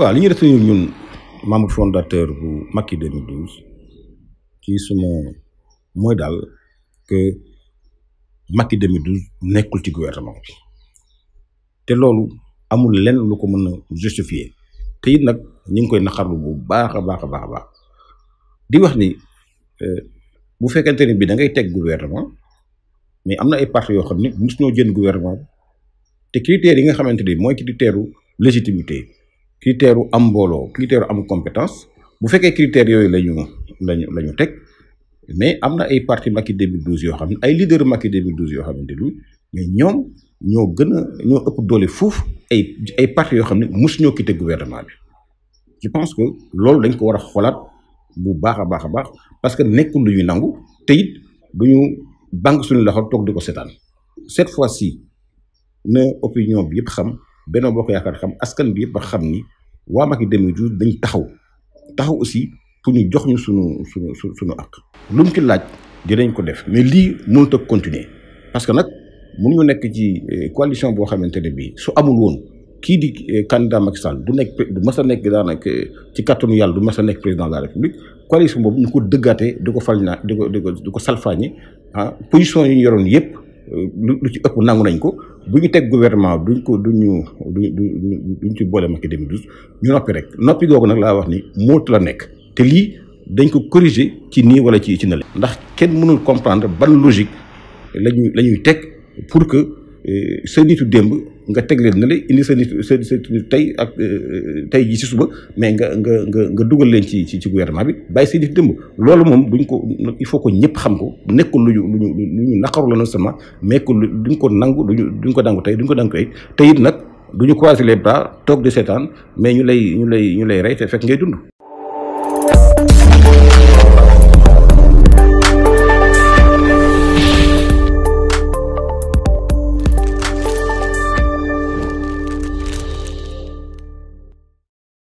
y li ñu retenir ñun membre fondateur bu MAKI 2012 qui sont moins que Macky 2012 nekkul le gouvernement Et lolu amul lenn lu ko mën justifier te koy bu a baaxa ni euh, bu ni gouvernement mais amna ay parti yo xamni ne gouvernement te critère yi nga critère légitimité critère am mbooloo critère am compétence bu fekké critères yoy lañu lañu lañu ñu mais amna ay parti Macky 2012 yo xam ay leader Macky 2012 yo xamante lu mais ñom ñoo gëna a ñoo ëpp doolé fouf ay ay parti yo xam ne mosu ñoo quitté gouvernement bi je pense que lool dañ ko wara xolat bu baaxa baaxa baax parce que nekkul lu ñuy nangu te it duñu bank suñu loxo tok diko sétane cette fois-ci na opinion bi yëpp xam. Benno Bokk Yaakaar xam askan bi ba xam ni waa Macky 2012 dañ taxaw taxaw aussi pour ñu jox ñu suñu suñu suñu ak lu mu ci laaj dinañ ko def mais lii mënut a continuer parce que nag mënuñu nekk ci eh, coalition boo xamante ne bii su amul woon kii di eh, candidat Macky Sall du nekk du mas a nekk daanaka eh, ci kattanu yàlla du mas a nekk président de la république coalition boobu ñu ko dëggaatee di ko fal naa di ko di ko di ah position yi ñu yoroon yëpp lu ci ëpp nangu nañ ko bu ñu gouvernement duñ ko duñu de duñ ci boole 2012 ñu noppi rek noppi googu nag laa wax ni la nekk te lii dañ ko corriger ci nii wala ci ci ndax kenn mënul comprendre ban logique lañuy la pour que Euh, sa nitu démb nga teg leen na la indi sa nitu sa sa tey ak euh, tey jii si suba mais nga nga nga nga dugal leen ci ci ci gouvernement bi bàyyi sa nitu démb loolu moom duñ ko il faut que ñëpp xam ko nekkul lu ñu lu ñu lu ñu naqaru la non seulement mais que duñ ko nangu duñ duñ ko nangu tey duñ ko nangu te it nag duñu croiser les bras toog de seetaan mais ñu lay ñu lay ñu lay rey te fekk ngay dund.